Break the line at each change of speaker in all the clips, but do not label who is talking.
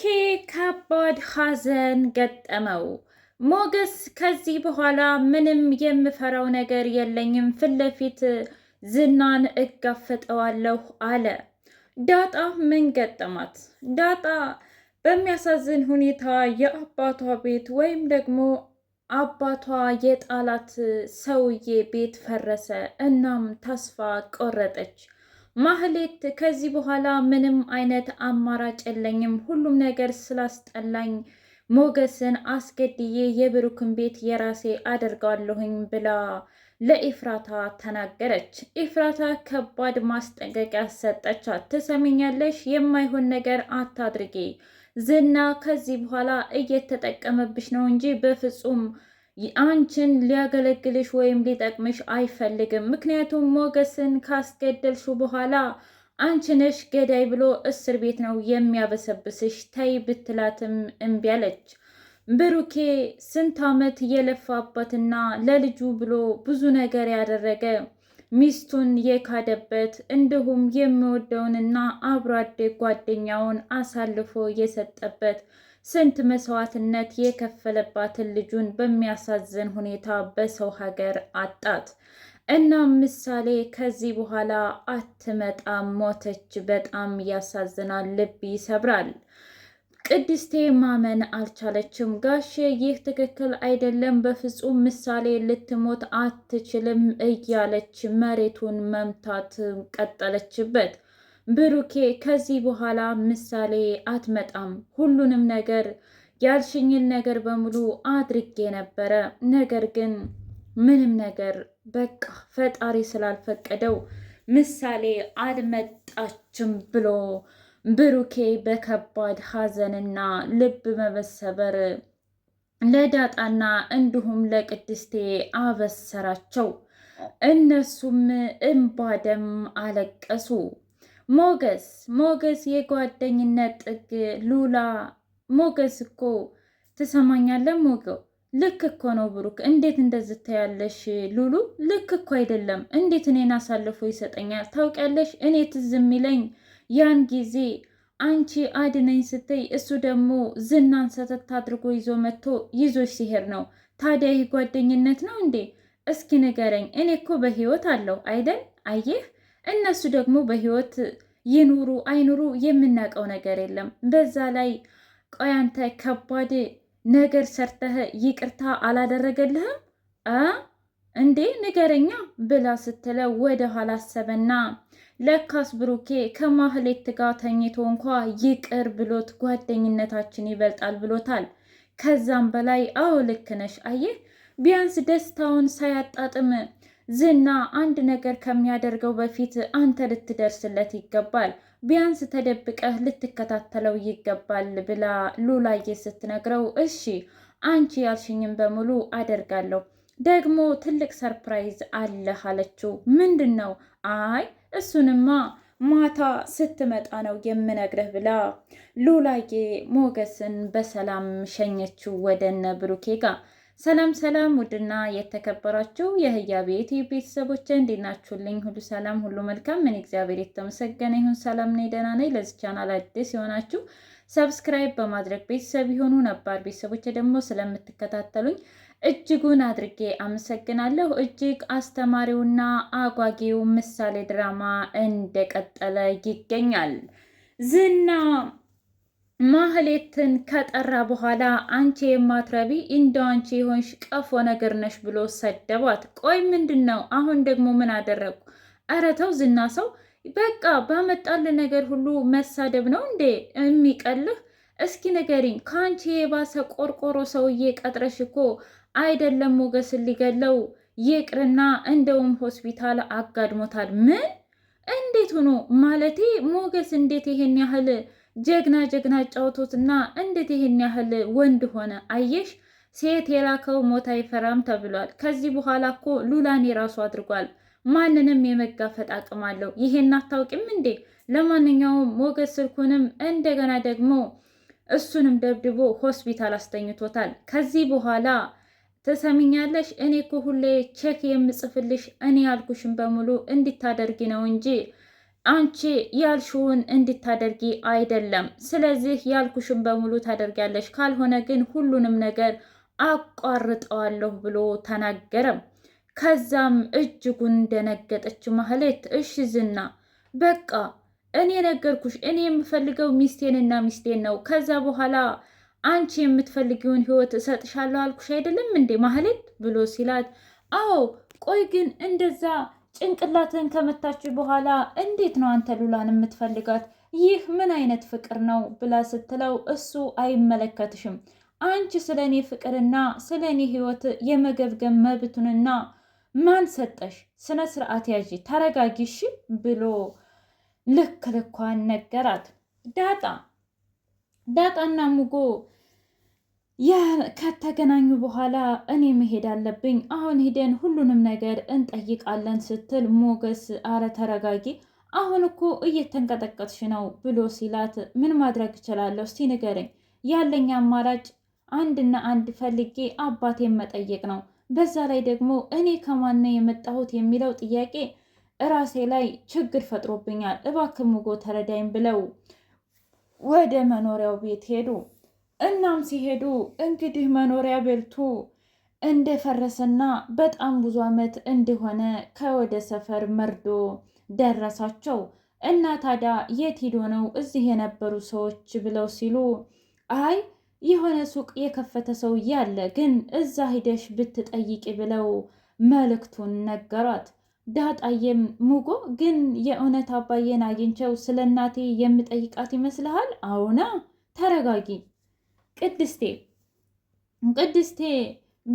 ብሩኬ ከባድ ሐዘን ገጠመው። ሞገስ ከዚህ በኋላ ምንም የምፈራው ነገር የለኝም፣ ፊት ለፊት ዝናን እጋፈጠዋለሁ አለ። ዳጣ ምን ገጠማት? ዳጣ በሚያሳዝን ሁኔታ የአባቷ ቤት ወይም ደግሞ አባቷ የጣላት ሰውዬ ቤት ፈረሰ። እናም ተስፋ ቆረጠች። ማህሌት ከዚህ በኋላ ምንም አይነት አማራጭ የለኝም፣ ሁሉም ነገር ስላስጠላኝ ሞገስን አስገድዬ የብሩክን ቤት የራሴ አደርጋለሁኝ ብላ ለኢፍራታ ተናገረች። ኢፍራታ ከባድ ማስጠንቀቂያ ሰጠቻት። ትሰሚኛለሽ? የማይሆን ነገር አታድርጊ ዝና ከዚህ በኋላ እየተጠቀመብሽ ነው እንጂ በፍጹም አንቺን ሊያገለግልሽ ወይም ሊጠቅምሽ አይፈልግም። ምክንያቱም ሞገስን ካስገደልሽ በኋላ አንቺ ነሽ ገዳይ ብሎ እስር ቤት ነው የሚያበሰብስሽ ተይ ብትላትም እምቢ አለች። ብሩኬ ስንት ዓመት የለፋበትና ለልጁ ብሎ ብዙ ነገር ያደረገ ሚስቱን የካደበት እንዲሁም የሚወደውንና አብሮ አደግ ጓደኛውን አሳልፎ የሰጠበት ስንት መስዋዕትነት የከፈለባትን ልጁን በሚያሳዝን ሁኔታ በሰው ሀገር አጣት። እናም ምሳሌ ከዚህ በኋላ አትመጣም፣ ሞተች። በጣም ያሳዝናል፣ ልብ ይሰብራል። ቅድስቴ ማመን አልቻለችም። ጋሼ ይህ ትክክል አይደለም፣ በፍጹም ምሳሌ ልትሞት አትችልም እያለች መሬቱን መምታት ቀጠለችበት። ብሩኬ ከዚህ በኋላ ምሳሌ አትመጣም፣ ሁሉንም ነገር ያልሽኝን ነገር በሙሉ አድርጌ ነበረ። ነገር ግን ምንም ነገር በቃ ፈጣሪ ስላልፈቀደው ምሳሌ አልመጣችም ብሎ ብሩኬ በከባድ ሐዘንና ልብ መበሰበር ለዳጣና እንዲሁም ለቅድስቴ አበሰራቸው። እነሱም እምባደም አለቀሱ። ሞገስ ሞገስ የጓደኝነት ጥግ ሉላ ሞገስ እኮ ትሰማኛለህ? ሞገው ልክ እኮ ነው ብሩክ፣ እንዴት እንደዚህ ሉሉ ልክ እኮ አይደለም። እንዴት እኔን አሳልፎ ይሰጠኛል? ታውቂያለሽ እኔ ትዝ የሚለኝ ያን ጊዜ አንቺ አድነኝ ስትይ እሱ ደግሞ ዝናን ሰተት አድርጎ ይዞ መጥቶ ይዞች ሲሄድ ነው። ታዲያ ይህ ጓደኝነት ነው እንዴ? እስኪ ንገረኝ። እኔ እኮ በህይወት አለው አይደል? አየህ፣ እነሱ ደግሞ በህይወት ይኑሩ አይኑሩ የምናውቀው ነገር የለም። በዛ ላይ ቆይ አንተ ከባድ ነገር ሰርተህ ይቅርታ አላደረገልህም እ እንዴ ንገረኛ ብላ ስትለው ወደ ኋላ አሰበና ለካስ ብሩኬ ከማህሌት ጋር ተኝቶ እንኳ ይቅር ብሎት ጓደኝነታችን ይበልጣል ብሎታል። ከዛም በላይ አዎ ልክ ነሽ። አየህ ቢያንስ ደስታውን ሳያጣጥም ዝና አንድ ነገር ከሚያደርገው በፊት አንተ ልትደርስለት ይገባል፣ ቢያንስ ተደብቀህ ልትከታተለው ይገባል ብላ ሉላዬ ስትነግረው እሺ አንቺ ያልሽኝም በሙሉ አደርጋለሁ፣ ደግሞ ትልቅ ሰርፕራይዝ አለህ አለችው። ምንድን ነው? አይ እሱንማ ማታ ስትመጣ ነው የምነግረህ ብላ ሉላዬ ሞገስን በሰላም ሸኘችው ወደነ ብሩኬ ጋር። ሰላም ሰላም! ውድና የተከበራችሁ የህያ ቤት ቤተሰቦች እንዴት ናችሁልኝ? ሁሉ ሰላም፣ ሁሉ መልካም። ምን እግዚአብሔር የተመሰገነ ይሁን። ሰላም ነኝ፣ ደህና ነኝ። ለዚህ ቻናል አዲስ የሆናችሁ ሰብስክራይብ በማድረግ ቤተሰብ የሆኑ ነባር ቤተሰቦች ደግሞ ስለምትከታተሉኝ እጅጉን አድርጌ አመሰግናለሁ። እጅግ አስተማሪውና አጓጊው ምሳሌ ድራማ እንደቀጠለ ይገኛል። ዝና ማህሌትን ከጠራ በኋላ አንቺ የማትረቢ እንደ አንቺ የሆንሽ ቀፎ ነገር ነሽ ብሎ ሰደቧት። ቆይ ምንድን ነው አሁን ደግሞ ምን አደረግኩ? ኧረ ተው ዝና ሰው በቃ ባመጣል ነገር ሁሉ መሳደብ ነው እንዴ የሚቀልህ? እስኪ ንገሪኝ፣ ከአንቺ የባሰ ቆርቆሮ ሰውዬ ቀጥረሽ እኮ አይደለም ሞገስን ሊገለው ይቅርና እንደውም ሆስፒታል አጋድሞታል። ምን? እንዴት ሆኖ ማለቴ ሞገስ እንዴት ይሄን ያህል ጀግና ጀግና ጫውቶትና እንዴት ይሄን ያህል ወንድ ሆነ? አየሽ ሴት የላከው ሞት አይፈራም ተብሏል። ከዚህ በኋላ እኮ ሉላን የራሱ አድርጓል። ማንንም የመጋፈጥ አቅም አለው። ይሄን አታውቂም እንዴ? ለማንኛውም ሞገስ ስልኩንም እንደገና ደግሞ እሱንም ደብድቦ ሆስፒታል አስተኝቶታል። ከዚህ በኋላ ትሰሚኛለሽ? እኔ እኮ ሁሌ ቼክ የምጽፍልሽ እኔ ያልኩሽን በሙሉ እንድታደርጊ ነው እንጂ አንቺ ያልሽውን እንድታደርጊ አይደለም። ስለዚህ ያልኩሽን በሙሉ ታደርጊያለሽ፣ ካልሆነ ግን ሁሉንም ነገር አቋርጠዋለሁ ብሎ ተናገረም። ከዛም እጅጉን ደነገጠች ማህሌት። እሺ ዝና በቃ እኔ ነገርኩሽ፣ እኔ የምፈልገው ሚስቴንና ሚስቴን ነው። ከዛ በኋላ አንቺ የምትፈልጊውን ህይወት እሰጥሻለሁ አልኩሽ አይደለም እንዴ ማህሌት ብሎ ሲላት፣ አዎ ቆይ ግን እንደዛ ጭንቅላትን ከመታች በኋላ እንዴት ነው አንተ ሉላን የምትፈልጋት? ይህ ምን አይነት ፍቅር ነው ብላ ስትለው፣ እሱ አይመለከትሽም አንቺ ስለ እኔ ፍቅርና ስለ እኔ ህይወት የመገብገብ መብቱንና ማን ሰጠሽ? ስነ ስርዓት ያዥ፣ ተረጋጊሽ ብሎ ልክ ልኳን ነገራት ዳጣ ዳጣና ሙጎ ከተገናኙ በኋላ እኔ መሄድ አለብኝ፣ አሁን ሂደን ሁሉንም ነገር እንጠይቃለን ስትል ሞገስ አረ ተረጋጊ፣ አሁን እኮ እየተንቀጠቀጥሽ ነው ብሎ ሲላት ምን ማድረግ እችላለሁ? እስቲ ንገረኝ። ያለኝ አማራጭ አንድና አንድ ፈልጌ አባቴን መጠየቅ ነው። በዛ ላይ ደግሞ እኔ ከማን ነው የመጣሁት የሚለው ጥያቄ እራሴ ላይ ችግር ፈጥሮብኛል። እባክህ ሙጎ ተረዳኝ ብለው ወደ መኖሪያው ቤት ሄዱ። እናም ሲሄዱ እንግዲህ መኖሪያ ቤቱ እንደፈረሰና በጣም ብዙ ዓመት እንደሆነ ከወደ ሰፈር መርዶ ደረሳቸው። እና ታዲያ የት ሂዶ ነው እዚህ የነበሩ ሰዎች ብለው ሲሉ አይ የሆነ ሱቅ የከፈተ ሰውዬ አለ፣ ግን እዛ ሂደሽ ብትጠይቂ ብለው መልእክቱን ነገሯት። ዳጣዬም ሙጎ ግን የእውነት አባዬን አግኝቼው ስለ እናቴ የምጠይቃት ይመስልሃል? አዎና፣ ተረጋጊ ቅድስቴ። ቅድስቴ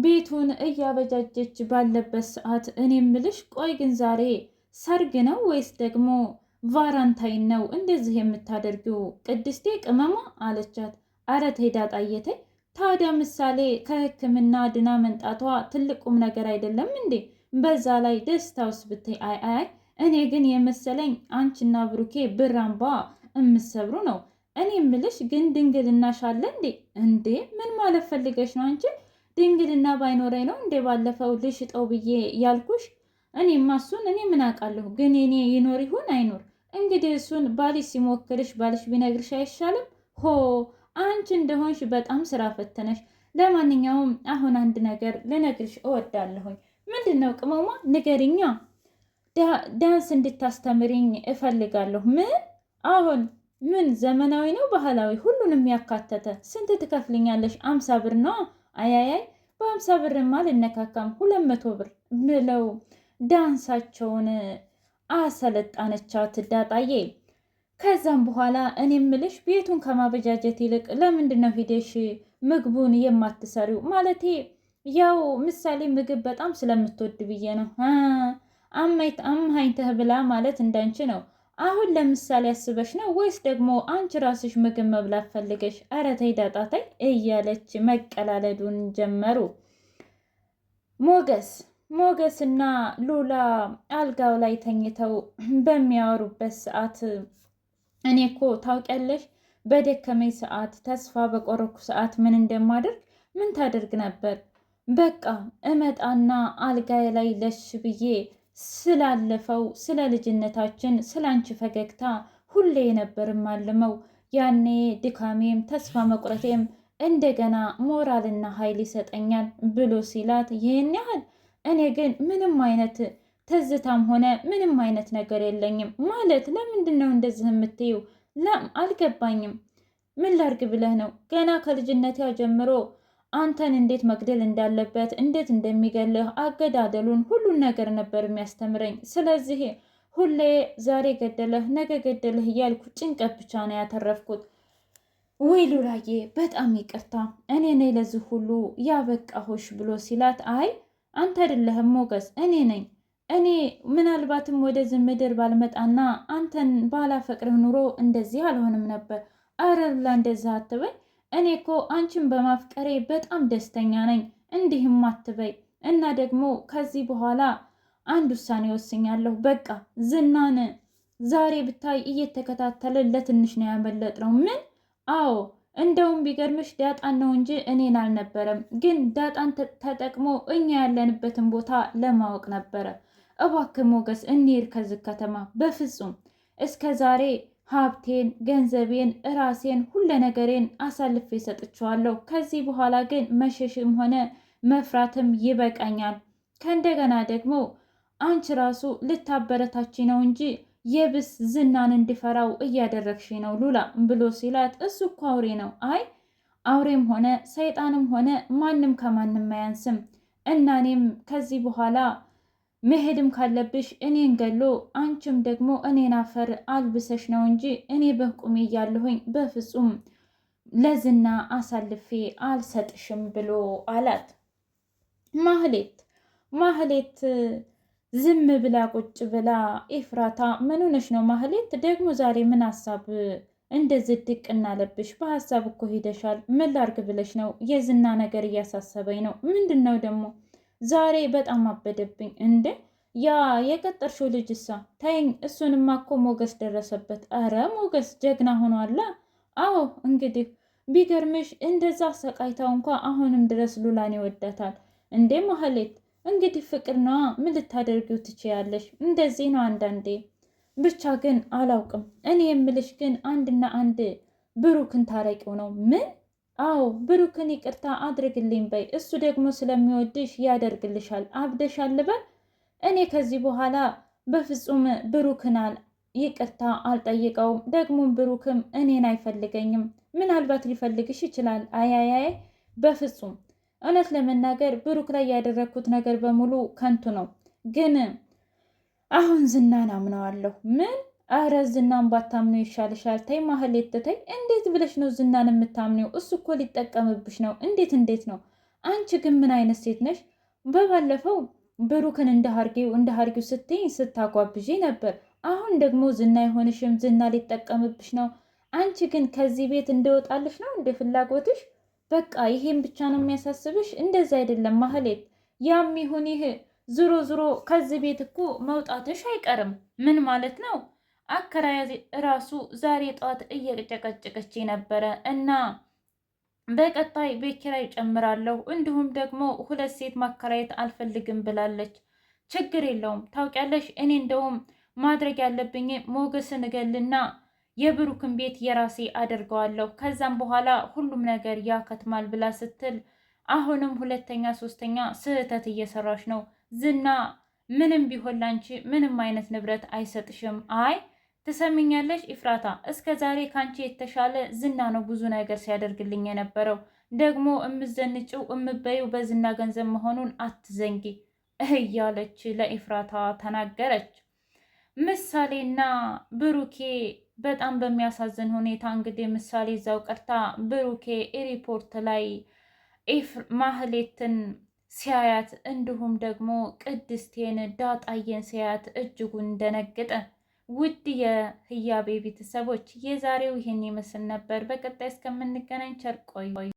ቤቱን እያበጃጀች ባለበት ሰዓት እኔ ምልሽ፣ ቆይ ግን ዛሬ ሰርግ ነው ወይስ ደግሞ ቫራንታይን ነው እንደዚህ የምታደርጊው? ቅድስቴ ቅመማ አለቻት። አረ ተይ ዳጣዬ ተይ። ታዲያ ምሳሌ ከህክምና ድና መንጣቷ ትልቅ ቁም ነገር አይደለም እንዴ? በዛ ላይ ደስታውስ ብታይ አይ አይ እኔ ግን የመሰለኝ አንቺና ብሩኬ ብራምባ እምትሰብሩ እምሰብሩ ነው። እኔ ምልሽ ግን ድንግልና ሻለ እንዴ? እንዴ ምን ማለት ፈልገሽ ነው አንቺ? ድንግልና ባይኖረኝ ነው እንዴ ባለፈው ልሽጠው ብዬ ያልኩሽ? እኔማ እሱን እኔ ምን አውቃለሁ። ግን እኔ ይኖር ይሁን አይኖር እንግዲህ እሱን ባልሽ ሲሞክርሽ ባልሽ ቢነግርሽ አይሻልም? ሆ አንቺ እንደሆንሽ በጣም ስራ ፈተነሽ። ለማንኛውም አሁን አንድ ነገር ልነግርሽ እወዳለሁኝ ምንድን ነው ቅመሟ? ንገርኛ። ዳንስ እንድታስተምሪኝ እፈልጋለሁ። ምን አሁን ምን ዘመናዊ ነው ባህላዊ፣ ሁሉንም ያካተተ። ስንት ትከፍልኛለሽ? አምሳ ብር ነው። አያያይ በአምሳ ብርማ አልነካካም። ሁለት መቶ ብር ብለው ዳንሳቸውን አሰለጣነቻት ዳጣዬ። ከዛም በኋላ እኔ ምልሽ ቤቱን ከማበጃጀት ይልቅ ለምንድን ነው ሂደሽ ምግቡን የማትሰሪው? ማለቴ ያው ምሳሌ ምግብ በጣም ስለምትወድ ብዬ ነው አምሃኝተህ ብላ ማለት እንዳንቺ ነው። አሁን ለምሳሌ አስበሽ ነው ወይስ ደግሞ አንቺ ራስሽ ምግብ መብላት ፈልገሽ? ኧረ ተይ ዳጣ ተይ እያለች መቀላለዱን ጀመሩ። ሞገስ እና ሉላ አልጋው ላይ ተኝተው በሚያወሩበት ሰዓት እኔ እኮ ታውቂያለሽ፣ በደከመኝ ሰዓት ተስፋ በቆረኩ ሰዓት ምን እንደማደርግ ምን ታደርግ ነበር በቃ እመጣና አልጋዬ ላይ ለሽ ብዬ ስላለፈው ስለ ልጅነታችን ስለ አንቺ ፈገግታ ሁሌ ነበር ማልመው። ያኔ ድካሜም ተስፋ መቁረቴም እንደገና ሞራልና ኃይል ይሰጠኛል ብሎ ሲላት ይህን ያህል እኔ ግን ምንም አይነት ትዝታም ሆነ ምንም አይነት ነገር የለኝም ማለት ለምንድን ነው እንደዚህ የምትይው? ለም አልገባኝም። ምን ላርግ ብለህ ነው ገና ከልጅነቴ ጀምሮ አንተን እንዴት መግደል እንዳለበት እንዴት እንደሚገልህ አገዳደሉን ሁሉን ነገር ነበር የሚያስተምረኝ። ስለዚህ ሁሌ ዛሬ ገደለህ ነገ ገደለህ እያልኩ ጭንቀት ብቻ ነው ያተረፍኩት። ወይ ሉላዬ በጣም ይቅርታ እኔ ነኝ ለዚህ ሁሉ ያበቃሁሽ ብሎ ሲላት፣ አይ አንተ አይደለህም ሞገስ፣ እኔ ነኝ። እኔ ምናልባትም ወደዚህ ምድር ባልመጣና አንተን ባላፈቅርህ ኑሮ እንደዚህ አልሆንም ነበር። አረ ሉላ እንደዚህ አትበኝ እኔ እኮ አንቺን በማፍቀሬ በጣም ደስተኛ ነኝ፣ እንዲህም አትበይ እና ደግሞ ከዚህ በኋላ አንድ ውሳኔ ወስኛለሁ። በቃ ዝናን ዛሬ ብታይ እየተከታተልን ለትንሽ ነው ያመለጥነው። ምን? አዎ እንደውም ቢገርምሽ ዳጣን ነው እንጂ እኔን አልነበረም። ግን ዳጣን ተጠቅሞ እኛ ያለንበትን ቦታ ለማወቅ ነበረ። እባክህ ሞገስ እንሂድ ከዚህ ከተማ። በፍጹም እስከ ዛሬ ሀብቴን፣ ገንዘቤን፣ እራሴን፣ ሁለ ነገሬን አሳልፌ ሰጥቼዋለሁ። ከዚህ በኋላ ግን መሸሽም ሆነ መፍራትም ይበቃኛል። ከእንደገና ደግሞ አንቺ ራሱ ልታበረታች ነው እንጂ የብስ ዝናን እንድፈራው እያደረግሽ ነው ሉላ ብሎ ሲላት፣ እሱ እኮ አውሬ ነው። አይ አውሬም ሆነ ሰይጣንም ሆነ ማንም ከማንም አያንስም እና ከዚህ በኋላ መሄድም ካለብሽ እኔን ገሎ አንቺም ደግሞ እኔን አፈር አልብሰሽ ነው እንጂ እኔ በቁሜ እያለሁኝ በፍጹም ለዝና አሳልፌ አልሰጥሽም ብሎ አላት። ማህሌት ማህሌት ዝም ብላ ቁጭ ብላ ኤፍራታ ምን ሆነሽ ነው ማህሌት? ደግሞ ዛሬ ምን ሀሳብ እንደዚህ ድቅ እናለብሽ? በሀሳብ እኮ ሄደሻል። ምን ላርግ ብለሽ ነው? የዝና ነገር እያሳሰበኝ ነው። ምንድን ነው ደግሞ ዛሬ በጣም አበደብኝ። እንደ ያ የቀጠርሽው ልጅ እሳ ታይኝ። እሱንማ እኮ ሞገስ ደረሰበት። አረ ሞገስ ጀግና ሆኗላ። አዎ እንግዲህ ቢገርምሽ እንደዛ ሰቃይታ እንኳ አሁንም ድረስ ሉላን ይወዳታል። እንዴ ማህሌት፣ እንግዲህ ፍቅር ነዋ። ምን ልታደርጊው ትችያለሽ? እንደዚህ ነው አንዳንዴ። ብቻ ግን አላውቅም። እኔ የምልሽ ግን አንድና አንድ ብሩክን ታረቂው ነው ምን አዎ ብሩክን ይቅርታ አድርግልኝ በይ፣ እሱ ደግሞ ስለሚወድሽ ያደርግልሻል። አብደሻል በል። እኔ ከዚህ በኋላ በፍጹም ብሩክናል ይቅርታ አልጠይቀውም። ደግሞም ብሩክም እኔን አይፈልገኝም። ምናልባት ሊፈልግሽ ይችላል። አያያይ በፍጹም እውነት ለመናገር ብሩክ ላይ ያደረግኩት ነገር በሙሉ ከንቱ ነው። ግን አሁን ዝናን አምነዋለሁ። ምን አረ ዝናን ባታምነው ይሻልሻል። ተይ ማህሌት ተይ። እንዴት ብለሽ ነው ዝናን የምታምነው? እሱ እኮ ሊጠቀምብሽ ነው። እንዴት እንዴት ነው? አንቺ ግን ምን አይነት ሴት ነሽ? በባለፈው ብሩክን እንደ ሀርጌው እንደ ሀርጌው ስትይኝ ስታጓብዤ ነበር። አሁን ደግሞ ዝና የሆንሽም ዝና ሊጠቀምብሽ ነው። አንቺ ግን ከዚህ ቤት እንደወጣልሽ ነው እንደ ፍላጎትሽ። በቃ ይሄን ብቻ ነው የሚያሳስብሽ? እንደዚ አይደለም ማህሌት። ያም ይሁን ይህ ዝሮ ዝሮ ከዚህ ቤት እኮ መውጣትሽ አይቀርም። ምን ማለት ነው? አከራያዚ ራሱ ዛሬ ጠዋት እየጨቀጨቀች ነበረ እና በቀጣይ ቤት ኪራይ ጨምራለሁ፣ እንዲሁም ደግሞ ሁለት ሴት ማከራየት አልፈልግም ብላለች። ችግር የለውም ታውቂያለሽ፣ እኔ እንደውም ማድረግ ያለብኝ ሞገስን እገልና የብሩክን ቤት የራሴ አድርገዋለሁ። ከዛም በኋላ ሁሉም ነገር ያከትማል ብላ ስትል አሁንም ሁለተኛ ሶስተኛ ስህተት እየሰራች ነው ዝና ምንም ቢሆን ላንቺ ምንም አይነት ንብረት አይሰጥሽም። አይ ትሰሚኛለሽ ኢፍራታ፣ እስከ ዛሬ ካንቺ የተሻለ ዝና ነው ብዙ ነገር ሲያደርግልኝ የነበረው። ደግሞ እምዘንጭው እምበዩ በዝና ገንዘብ መሆኑን አትዘንጊ እያለች ለኢፍራታ ተናገረች። ምሳሌና ብሩኬ በጣም በሚያሳዝን ሁኔታ እንግዲህ ምሳሌ እዛው ቀርታ ብሩኬ ኤሪፖርት ላይ ማህሌትን ሲያያት እንዲሁም ደግሞ ቅድስቴን ዳጣየን ሲያያት እጅጉን ደነገጠ። ውድ የህያቤ ቤተሰቦች የዛሬው ይህን ይመስል ነበር። በቀጣይ እስከምንገናኝ ቸር ቆዩ።